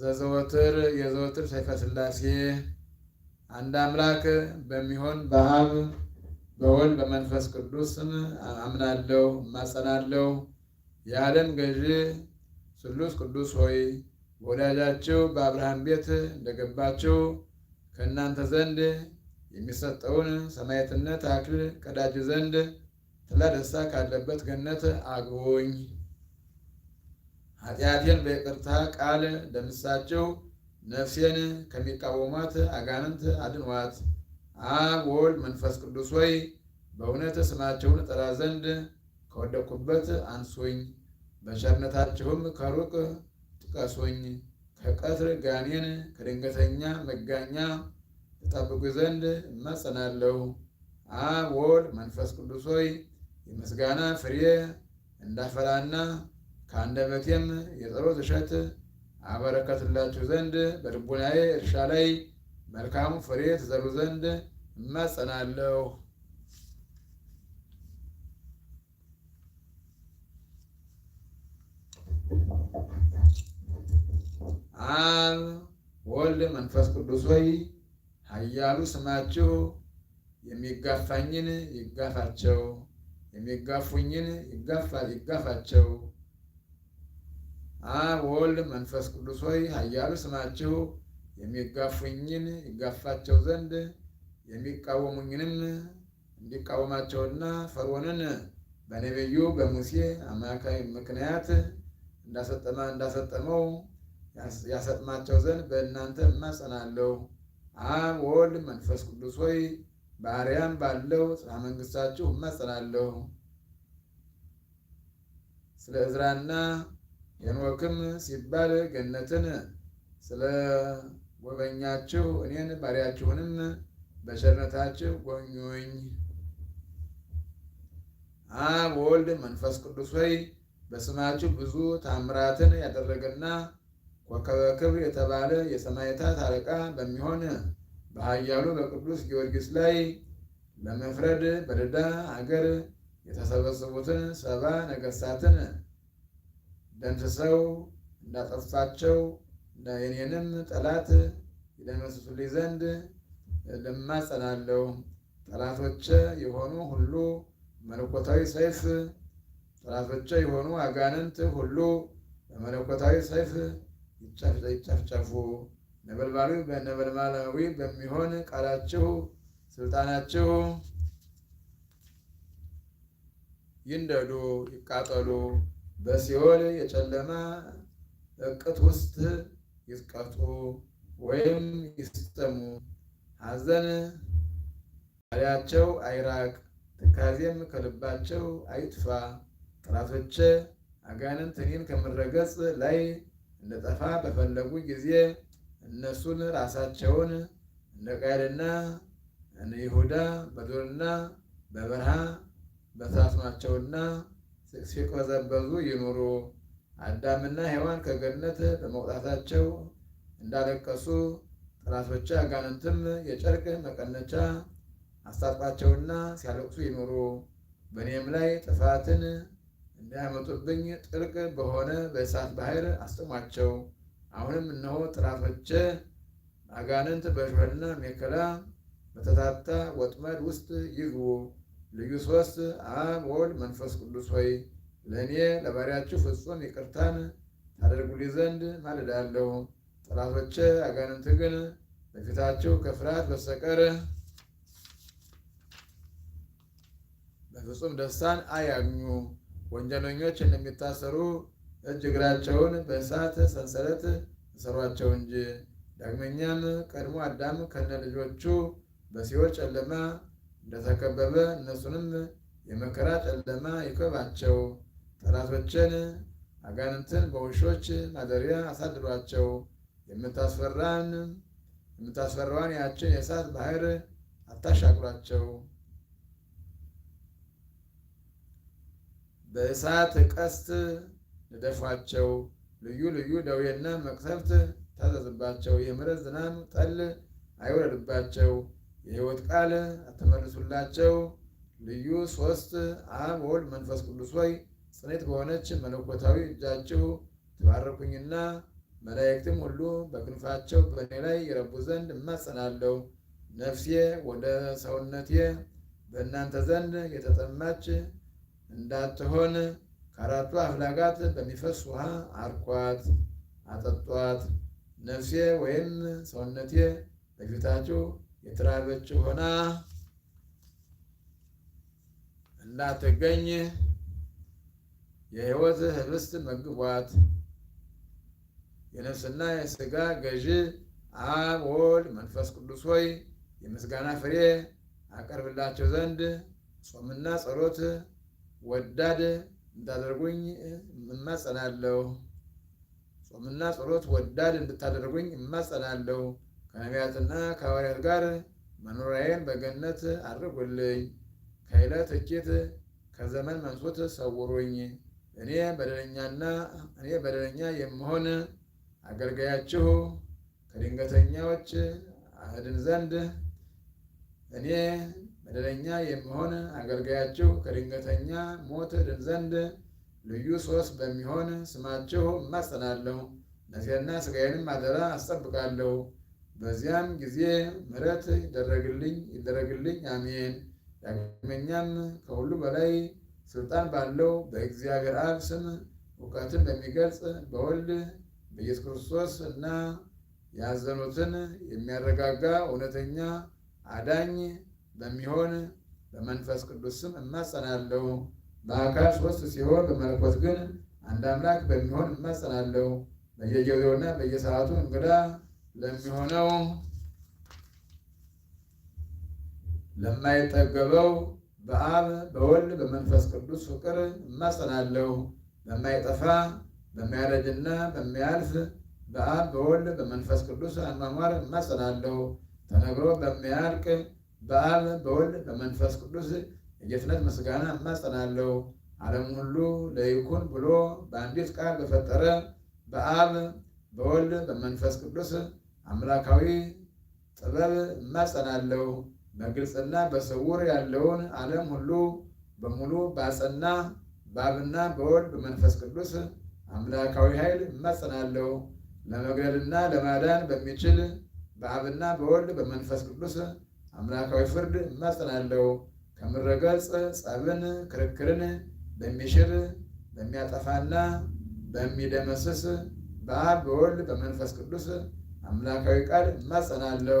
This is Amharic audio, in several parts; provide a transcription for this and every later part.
ዘዘወትር የዘወትር ሰይፈ አንድ አምላክ በሚሆን በአብ በወልድ በመንፈስ ቅዱስ አምናለው አምናለሁ እማጸናለሁ። የዓለም ገዢ ስሉስ ቅዱስ ሆይ በወዳጃችሁ በአብርሃም ቤት እንደገባችሁ ከእናንተ ዘንድ የሚሰጠውን ሰማዕትነት አክል ቀዳጅ ዘንድ ጥላ ደስታ ካለበት ገነት አግቡኝ። ኃጢአቴን በይቅርታ ቃል ደምሳቸው ነፍሴን ከሚቃወሟት አጋንንት አድኗት! አብ ወልድ መንፈስ ቅዱስ ሆይ በእውነት ስማቸውን ጠራ ዘንድ ከወደኩበት አንሶኝ፣ በቸርነታቸውም ከሩቅ ጥቀሱኝ። ከቀትር ጋኔን ከድንገተኛ መጋኛ ተጠብቁ ዘንድ እማጸናለሁ። አብ ወልድ መንፈስ ቅዱስ ሆይ የምስጋና ፍሬ እንዳፈራና ከአንደበቴም የጸሎት እሸት አበረከትላችሁ ዘንድ በልቡናዬ እርሻ ላይ መልካሙ ፍሬ ትዘሩ ዘንድ እማጸናለሁ። አብ ወልድ መንፈስ ቅዱስ ሆይ ኃያሉ ስማችሁ የሚጋፋኝን ይጋፋቸው፣ የሚጋፉኝን ይጋፋቸው አብ ወልድ መንፈስ ቅዱስ ሆይ ኃያሉ ስማችሁ የሚጋፉኝን ይጋፋቸው ዘንድ የሚቃወሙኝንም እንዲቃወማቸውና ፈርዖንን በነቢዩ በሙሴ አማካይ ምክንያት እንዳሰጠመው ያሰጥማቸው ዘንድ በእናንተ እማጸናለሁ። አብ ወልድ መንፈስ ቅዱስ ሆይ በአርያም ባለው ጽሐ መንግስታችሁ እማጸናለሁ። ስለ እዝራና ሄኖክም ሲባል ገነትን ስለ ጎበኛችሁ እኔን ባሪያችሁንም በቸርነታችሁ ጎኙኝ አብ ወልድ መንፈስ ቅዱስ ሆይ በስማችሁ ብዙ ታምራትን ያደረገና ኮከበ ክብር የተባለ የሰማዕታት አለቃ በሚሆን በኃያሉ በቅዱስ ጊዮርጊስ ላይ ለመፍረድ በደዳ አገር የተሰበሰቡትን ሰባ ነገሥታትን ደንስሰው እንዳጠፋቸው የኔንም ጠላት ይደመስሱልኝ ዘንድ እማጸናለሁ። ጠላቶች የሆኑ ሁሉ መለኮታዊ ሰይፍ ጠላቶች የሆኑ አጋንንት ሁሉ በመለኮታዊ ሰይፍ ይጨፍጨፉ። ነበልባሉ በነበልባላዊ በሚሆን ቃላችሁ ስልጣናችሁ ይንደዱ፣ ይቃጠሉ። በሲኦል የጨለማ እቅት ውስጥ ይስቀጡ ወይም ይስጠሙ። ሐዘን ባሪያቸው አይራቅ፣ ትካዜም ከልባቸው አይጥፋ። ጠላቶቼ አጋንንት እኔን ከምረገጽ ላይ እንደጠፋ በፈለጉ ጊዜ እነሱን ራሳቸውን እንደ ቃይልና እንደ ይሁዳ በዱርና በበረሃ በተሳስኗቸውና ስቅሲቅ ይኑሩ። አዳምና ሔዋን ከገነት በመውጣታቸው እንዳለቀሱ ጠላቶች አጋንንትም የጨርቅ መቀነቻ አስታጥቋቸውና ሲያለቅሱ ይኑሩ። በእኔም ላይ ጥፋትን እንዳያመጡብኝ ጥልቅ በሆነ በእሳት ባህር አስጥሟቸው። አሁንም እነሆ ጥራቶች አጋንንት በሾህና ሜከላ በተታታ ወጥመድ ውስጥ ይግቡ። ልዩ ሶስት አብ ወልድ መንፈስ ቅዱስ ሆይ ለእኔ ለባሪያችሁ ፍጹም ይቅርታን ታደርጉልኝ ዘንድ ማልዳለሁ። ጠላቶች አጋንንት ግን በፊታችሁ ከፍርሃት በስተቀር በፍጹም ደስታን አያግኙ። ወንጀለኞች እንደሚታሰሩ እጅ እግራቸውን በእሳት ሰንሰለት ተሰሯቸው እንጂ። ዳግመኛም ቀድሞ አዳም ከነ ልጆቹ በሲኦል ጨለማ እንደተከበበ እነሱንም የመከራ ጨለማ ይክበባቸው። ጠላቶችን አጋንንትን በውሾች ማደሪያ አሳድሯቸው። የምታስፈራን የምታስፈራዋን ያችን የእሳት ባህር አታሻግሯቸው። በእሳት ቀስት ንደፏቸው። ልዩ ልዩ ደዌና መቅሰፍት ታዘዝባቸው። የምሕረት ዝናም ጠል አይወረድባቸው። የህይወት ቃል አትመልሱላቸው። ልዩ ሶስት አብ ወልድ መንፈስ ቅዱስ ሆይ ጽኔት በሆነች መለኮታዊ እጃችሁ ተባረኩኝና መላእክትም ሁሉ በክንፋቸው በእኔ ላይ የረቡ ዘንድ እማጸናለሁ። ነፍሴ ወደ ሰውነቴ በእናንተ ዘንድ የተጠማች እንዳትሆን ከአራቱ አፍላጋት በሚፈስ ውሃ አርኳት፣ አጠጧት። ነፍሴ ወይም ሰውነቴ በፊታችሁ የተራበች ሆና እንዳትገኝ የሕይወት ህብስት መግቧት የነፍስና የስጋ ገዢ አብ ወልድ መንፈስ ቅዱስ ሆይ የምስጋና ፍሬ አቀርብላቸው ዘንድ ጾምና ጸሎት ወዳድ እንዳደርጉኝ እማጸናለሁ። ጾምና ጸሎት ወዳድ እንድታደርጉኝ እማጸናለሁ። ከነቢያትና ከሐዋርያት ጋር መኖሪያዬን በገነት አድርጉልኝ። ከይለ እኬት ከዘመን መንሶት ሰውሩኝ። እኔ በደለኛና እኔ በደለኛ የምሆን አገልጋያችሁ ከድንገተኛዎች አድን ዘንድ እኔ በደለኛ የምሆን አገልጋያችሁ ከድንገተኛ ሞት ድን ዘንድ ልዩ ሶስት በሚሆን ስማችሁ እማጸናለሁ። ነፍሴና ስጋዬንም አደራ አስጠብቃለሁ። በዚያም ጊዜ ምሕረት ይደረግልኝ ይደረግልኝ አሜን። ዳግመኛም ከሁሉ በላይ ስልጣን ባለው በእግዚአብሔር አብ ስም እውቀትን በሚገልጽ በወልድ በኢየሱስ ክርስቶስ እና ያዘኑትን የሚያረጋጋ እውነተኛ አዳኝ በሚሆን በመንፈስ ቅዱስ ስም እማጸናለሁ። በአካል ሶስት ሲሆን በመለኮት ግን አንድ አምላክ በሚሆን እማጸናለሁ። በየጊዜውና በየሰዓቱ እንግዳ ለሚሆነው ለማይጠገበው በአብ በወልድ በመንፈስ ቅዱስ ፍቅር እማጸናለሁ። በማይጠፋ በማያረጅና በሚያልፍ በአብ በወልድ በመንፈስ ቅዱስ አኗሟር እማጸናለሁ። ተነግሮ በሚያልቅ በአብ በወልድ በመንፈስ ቅዱስ የጌትነት ምስጋና እማጸናለሁ። ዓለም ሁሉ ለይኩን ብሎ በአንዲት ቃል በፈጠረ በአብ በወልድ በመንፈስ ቅዱስ አምላካዊ ጥበብ እማጸናለሁ። በግልጽና በስውር ያለውን ዓለም ሁሉ በሙሉ ባጸና በአብና በወልድ በመንፈስ ቅዱስ አምላካዊ ኃይል እማጸናለሁ። ለመግደልና ለማዳን በሚችል በአብና በወልድ በመንፈስ ቅዱስ አምላካዊ ፍርድ እማጸናለሁ። ከምረገጽ ጸብን፣ ክርክርን በሚሽር በሚያጠፋና በሚደመስስ በአብ በወልድ በመንፈስ ቅዱስ አምላካዊ ቃል እማጸናለሁ።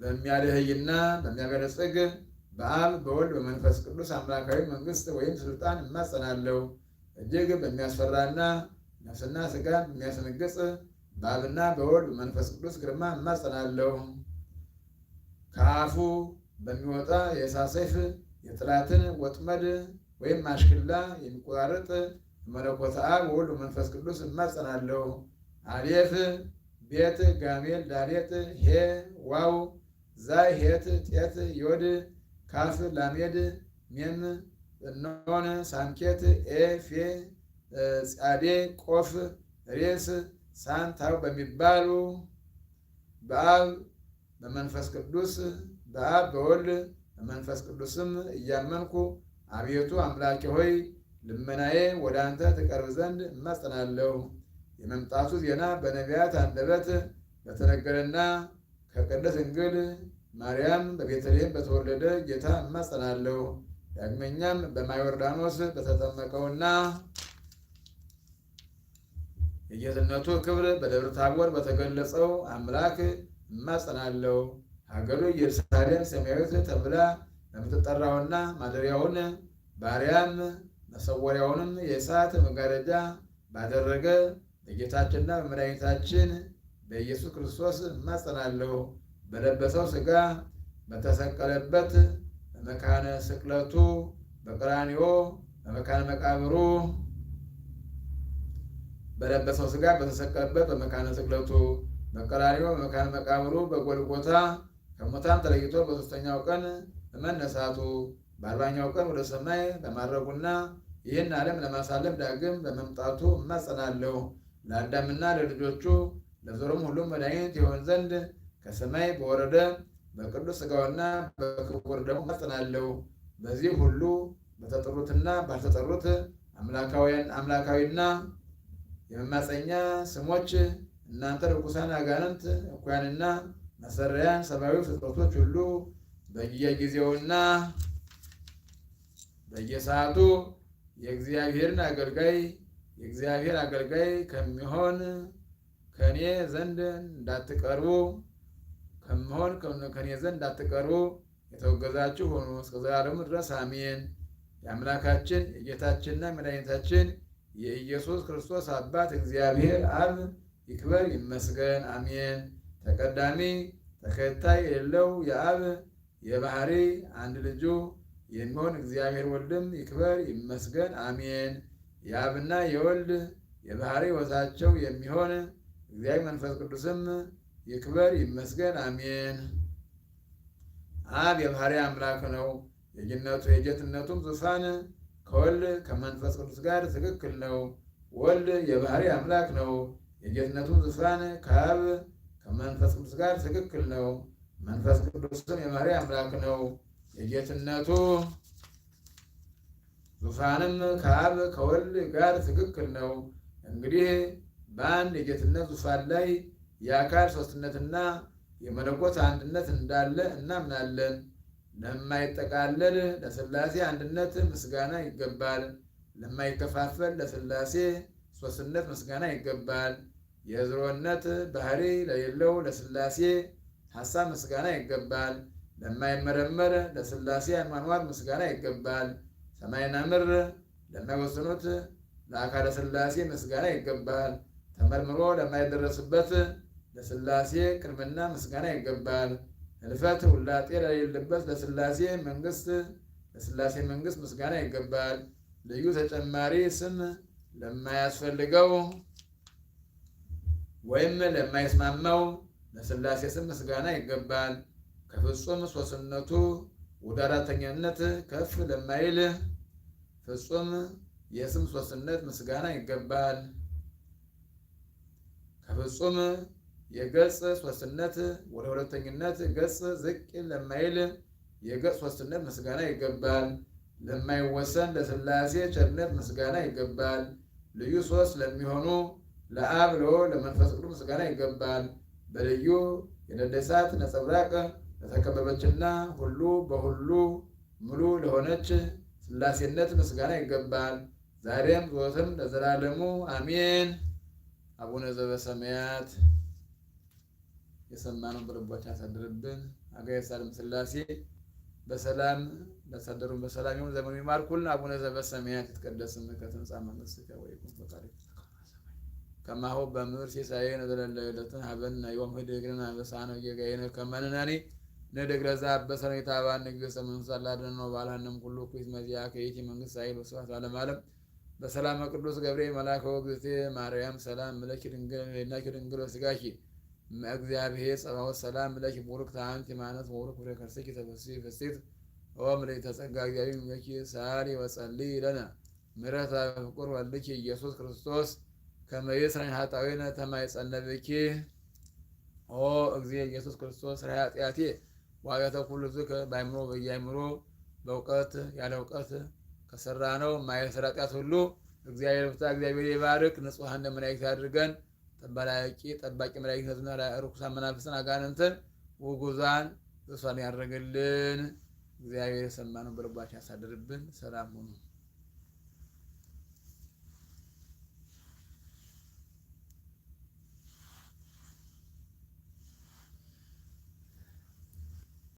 በሚያደህይና በሚያበለጽግ በአብ በወልድ በመንፈስ ቅዱስ አምላካዊ መንግስት ወይም ስልጣን እማጸናለሁ። እጅግ በሚያስፈራና ነፍስና ስጋን በሚያስነግጽ በአብና በወልድ በመንፈስ ቅዱስ ግርማ እማጸናለሁ። ከአፉ በሚወጣ የእሳት ሰይፍ የጥላትን ወጥመድ ወይም ማሽክላ የሚቆራረጥ መለኮት አብ ወወልድ መንፈስ ቅዱስ እማጸናለሁ። አሌፍ ቤት ጋሜል ዳሌት ሄ ዋው ዛይ ሄት ጤት ዮድ ካፍ ላሜድ ሜም ኖን ሳንኬት ኤ ፌ ጻዴ ቆፍ ሬስ ሳንታው በሚባሉ በአብ በመንፈስ ቅዱስ በአብ በወልድ በመንፈስ ቅዱስም እያመንኩ አቤቱ አምላኬ ሆይ ልመናዬ ወደ አንተ ትቀርብ ዘንድ እማጸናለሁ። የመምጣቱ ዜና በነቢያት አንደበት በተነገረና ከቅድስት ድንግል ማርያም በቤተልሔም በተወለደ ጌታ እማጸናለሁ። ዳግመኛም በማየ ዮርዳኖስ በተጠመቀውና የጌትነቱ ክብር በደብረ ታቦር በተገለጸው አምላክ እማጸናለሁ። ሀገሩ ኢየሩሳሌም ሰማያዊት ተብላ ለምትጠራውና ማደሪያውን ባሪያም መሰወሪያውንም የእሳት መጋረጃ ባደረገ በጌታችንና በመድኃኒታችን በኢየሱስ ክርስቶስ እማጸናለሁ። በለበሰው ሥጋ በተሰቀለበት በመካነ ስቅለቱ በቀራንዮ በመካነ መቃብሩ በለበሰው ሥጋ በተሰቀለበት በመካነ ስቅለቱ በቀራንዮ በመካነ መቃብሩ በጎልጎታ ከሙታን ተለይቶ በሦስተኛው ቀን በመነሳቱ በአርባኛው ቀን ወደ ሰማይ በማድረጉና ይህን ዓለም ለማሳለፍ ዳግም በመምጣቱ እማጸናለሁ። ለአዳምና ለልጆቹ ለዘሩም ሁሉም መድኃኒት የሆን ዘንድ ከሰማይ በወረደ በቅዱስ ሥጋውና በክቡር ደግሞ እማጸናለሁ። በዚህ ሁሉ በተጠሩትና ባልተጠሩት አምላካዊና የመማፀኛ ስሞች እናንተ ርኩሳን አጋንንት እኩያንና መሰሪያ ሰብአዊ ፍጥረቶች ሁሉ በየጊዜውና በየሰዓቱ የእግዚአብሔርን አገልጋይ የእግዚአብሔር አገልጋይ ከሚሆን ከኔ ዘንድ እንዳትቀርቡ ከሚሆን ከኔ ዘንድ እንዳትቀርቡ የተወገዛችሁ ሆኑ እስከ ዘላለሙ ድረስ አሜን። የአምላካችን የጌታችንና መድኃኒታችን የኢየሱስ ክርስቶስ አባት እግዚአብሔር አብ ይክበር ይመስገን፣ አሜን። ተቀዳሚ ተከታይ የሌለው የአብ የባህሪ አንድ ልጁ የሚሆን እግዚአብሔር ወልድም ይክበር ይመስገን አሜን። የአብና የወልድ የባህሪ ወሳቸው የሚሆን እግዚአብሔር መንፈስ ቅዱስም ይክበር ይመስገን አሜን። አብ የባህሪ አምላክ ነው። የጌትነቱ የጌትነቱም ዙፋን ከወልድ ከመንፈስ ቅዱስ ጋር ትክክል ነው። ወልድ የባህሪ አምላክ ነው። የጌትነቱም ዙፋን ከአብ ከመንፈስ ቅዱስ ጋር ትክክል ነው። መንፈስ ቅዱስም የመሪ አምላክ ነው። የጌትነቱ ዙፋንም ከአብ ከወልድ ጋር ትክክል ነው። እንግዲህ በአንድ የጌትነት ዙፋን ላይ የአካል ሶስትነትና የመለኮት አንድነት እንዳለ እናምናለን። ለማይጠቃለል ለስላሴ አንድነት ምስጋና ይገባል። ለማይከፋፈል ለስላሴ ሶስትነት ምስጋና ይገባል። የዝሮነት ባህሪ ለሌለው ለስላሴ። ሀሳብ ምስጋና ይገባል። ለማይመረመር ለስላሴ ሃይማኖት ምስጋና ይገባል። ሰማይና ምድር ለማይወስኑት ለአካለ ስላሴ ምስጋና ይገባል። ተመርምሮ ለማይደረስበት ለስላሴ ቅድምና ምስጋና ይገባል። እልፈት ውላጤ ለሌለበት ለስላሴ መንግስት ለስላሴ መንግስት ምስጋና ይገባል። ልዩ ተጨማሪ ስም ለማያስፈልገው ወይም ለማይስማማው ለስላሴ ስም ምስጋና ይገባል። ከፍጹም ሶስትነቱ ወደ አራተኛነት ከፍ ለማይል ፍጹም የስም ሶስትነት ምስጋና ይገባል። ከፍጹም የገጽ ሶስትነት ወደ ሁለተኝነት ገጽ ዝቅ ለማይል የገጽ ሶስትነት ምስጋና ይገባል። ለማይወሰን ለስላሴ ቸርነት ምስጋና ይገባል። ልዩ ሶስት ለሚሆኑ ለአብ ለወልድ ለመንፈስ ቅዱስ ምስጋና ይገባል። በልዩ የነደ እሳት ነጸብራቅ ለተከበበችና ሁሉ በሁሉ ሙሉ ለሆነች ስላሴነት ምስጋና ይገባል ዛሬም ዘወትም ለዘላለሙ አሜን። አቡነ ዘበሰማያት የሰማነው በልባችን ያሳድርብን። አገር ሳልም ስላሴ በሰላም ለሳደሩን በሰላም ይሁን። ዘመኑ ይማርኩልን። አቡነ ዘበሰማያት ይትቀደስ ስምከ ትምጻእ መንግሥትከ ወይኩን ፈቃድከ ከማሁ በምር ሲሳየነ ዘለለዕለትን ሀበነ ዮም ህድግርን አንበሳነ ጌጋይነ ከመንነኒ ነደግረዛ አበሰነ የታባን ንግሥ ሰምንሳላደን ነው ባላንም ሁሉ ኩት መዚያ ከይቲ መንግስት ሳይል ወስፋት አለም በሰላም ቅዱስ ገብርኤል መላከ ወግዝእቴ ማርያም ሰላም ምለኪ ድንግል ወስጋኪ እግዚአብሔር ጸባኦት ሰላም ምለኪ ቡሩክ ታንቲ ማነት ወቡሩክ ፍሬ ከርሥኪ ተፈሥሒ ፍሥሕት ኦም ለተጸጋ እግዚአብሔር ምለኪ ሳሪ ወጸልይ ለነ ምሕረተ ፍቁር ወልኪ ኢየሱስ ክርስቶስ ከመይስረን ሀጣዊነ ተማይጸነብኪ ኦ እግዚ ኢየሱስ ክርስቶስ ራይ ኃጢአቴ ዋጋተ ኩሉ ዝከ በአይምሮ በየአይምሮ በእውቀት ያለ እውቀት ከሰራ ነው ማየስር ኃጢአት ሁሉ እግዚአብሔር ብታ እግዚአብሔር ይባርክ። ንጹሐን መላእክት አድርገን ጠባላቂ ጠባቂ መላእክትና ርኩሳን መናፍስን አጋንንትን ውጉዛን እሷን ያደረግልን እግዚአብሔር የሰማነው በልባችን ያሳድርብን። ሰላም ሁኑ።